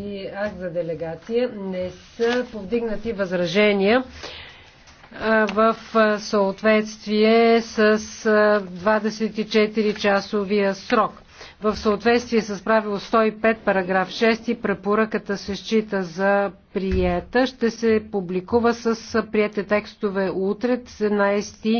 делеги... акт за делегация не са повдигнати възражения в съответствие с 24-часовия срок. В съответствие с правило 105, параграф 6, препоръката се счита за приета. Ще се публикува с приете текстове утре, 17